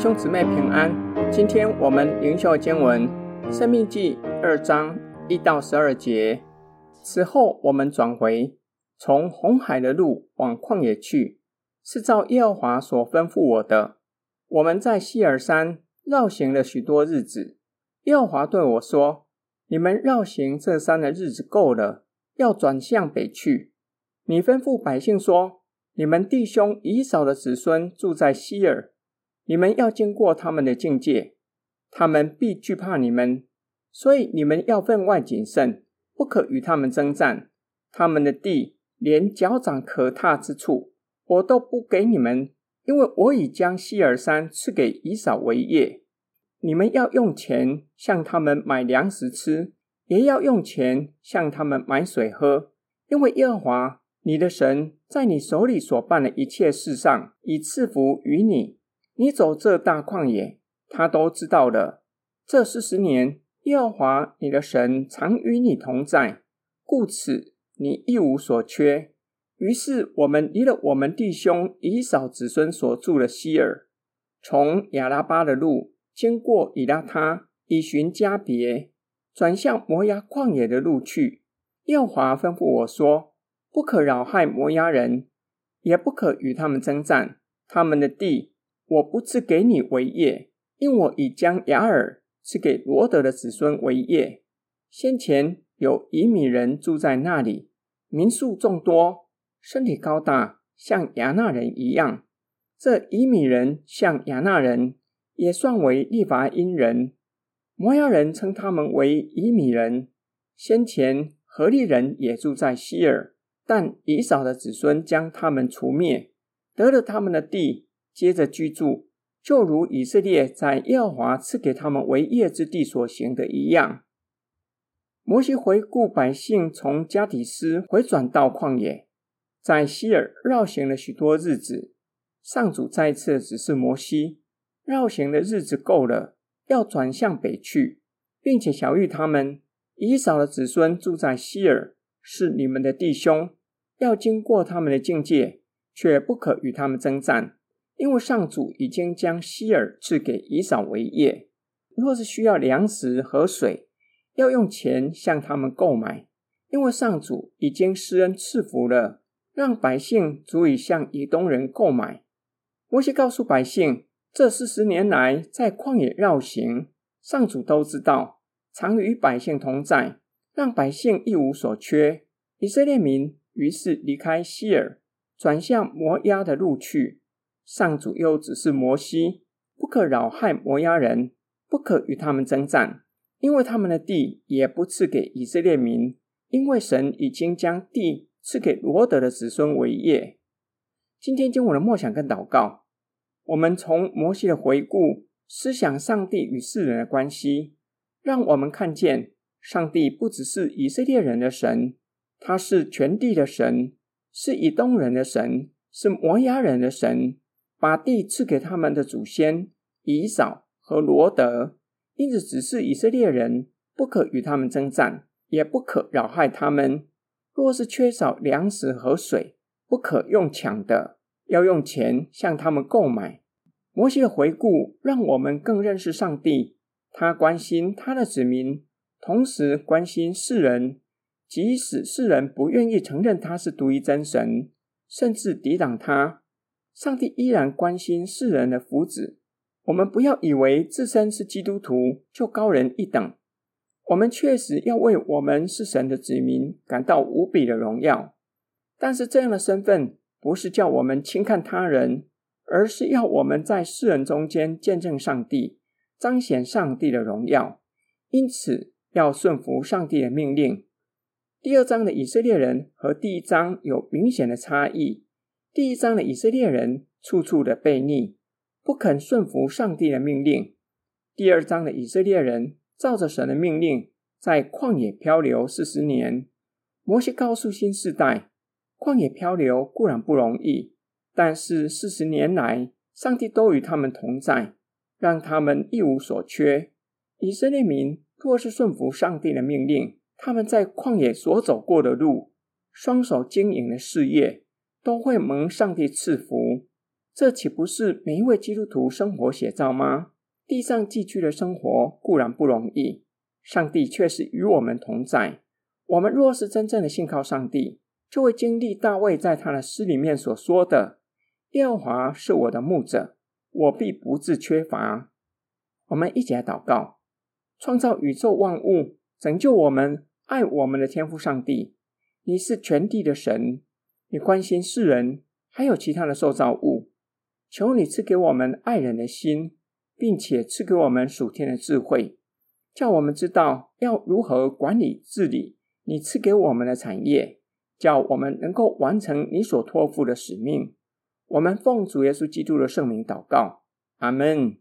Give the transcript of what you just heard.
弟兄兄姊妹平安，今天我們靈修經文《申命記》二章一到十二節。此後，我們轉回，從紅海的路往曠野去，是照耶和華所吩咐我的。我們在西珥山繞行了許多日子，耶和華對我說：“你們繞行這山的日子夠了，要轉向北去。你吩咐百姓說：你們弟兄以掃的子孫住在西珥。”你們要經過他們的境界，他們必懼怕你們，所以你們要分外謹慎，不可與他們爭戰。他們的地連腳掌可踏之處，我都不給你們，因為我已將西珥山賜給以掃為業。你們要用錢向他們買糧食吃，也要用錢向他們買水喝，因為耶和華你的神在你手裡所辦的一切事上，已賜福與你。你走這大曠野，他都知道了。這四十年，耶和華你的神常與你同在，故此你一無所缺。於是我們離了我們弟兄以掃子孫所住的西珥，從亞拉巴的路經過以拉他，以旬迦別，轉向摩押曠野的路去。耶和華吩咐我說：不可擾害摩押人，也不可與他們爭戰，他們的地。我不賜給你為業，因我已將亞珥賜給羅得的子孫為業。先前有以米人住在那裡，民數眾多，身體高大，像亞衲人一樣。這以米人像亞衲人，也算為利乏音人。摩押人稱他們為以米人。先前何利人也住在西珥，但以掃的子孫將他們除滅，得了他們的地。接着居住，就如以色列在耶和華賜給他們為業之地所行的一樣。摩西回顧百姓，從加低斯回轉到曠野，在西珥繞行了許多日子。上主再次指示摩西，繞行的日子夠了，要轉向北去，並且曉諭他們：以掃的子孫住在西珥，是你們的弟兄，要經過他們的境界，卻不可與他們爭戰。因為上主已經將西珥賜給以掃為業，若是需要糧食和水，要用錢向他們購買。因為上主已經施恩賜福了，讓百姓足以向以東人購買。摩西告訴百姓，這四十年來在曠野繞行，上主都知道，常與百姓同在，讓百姓一無所缺。以色列民於是離開西珥，轉向摩押的路去。上主又指示摩西，不可擾害摩押人，不可與他們爭戰，因為他們的地也不賜給以色列民，因為神已經將地賜給羅得的子孫為業。今天經文的默想跟禱告，我們從摩西的回顧，思想上帝與世人的關係，讓我們看見上帝不只是以色列人的神，他是全地的神，是以東人的神，是摩押人的神。把地賜給他們的祖先以掃和羅得，因此指示以色列人，不可與他們爭戰，也不可擾害他們。若是缺少糧食和水，不可用搶的，要用錢向他們購買。摩西的回顧讓我們更認識上帝，他關心他的子民，同時關心世人，即使世人不願意承認他是獨一真神，甚至抵擋他。上帝依然關心世人的福祉。我們不要以為自身是基督徒就高人一等。我們確實要為我們是神的子民感到無比的榮耀。但是這樣的身份不是叫我們輕看他人，而是要我們在世人中間見證上帝，彰顯上帝的榮耀。因此，要順服上帝的命令。第二章的以色列人和第一章有明顯的差異。第一章的以色列人處處的悖逆，不肯順服上帝的命令。第二章的以色列人照着神的命令，在曠野漂流四十年。摩西告訴新世代，曠野漂流固然不容易，但是四十年來，上帝都與他們同在，讓他們一無所缺。以色列民若是順服上帝的命令，他們在曠野所走過的路，雙手經營的事業，都會蒙上帝賜福，這豈不是每一位基督徒生活寫照嗎？地上寄居的生活固然不容易，上帝卻是與我們同在。我們若是真正的信靠上帝，就會經歷大衛在他的詩裡面所說的：“耶和華是我的牧者，我必不致缺乏。”我們一起來禱告：創造宇宙萬物、拯救我們、愛我們的天父上帝，你是全地的神。你關心世人，還有其他的受造物。求你賜給我們愛人的心，並且賜給我們屬天的智慧，叫我們知道要如何管理治理你賜給我們的產業，叫我們能夠完成你所託付的使命。我們奉主耶穌基督的聖名禱告，阿門。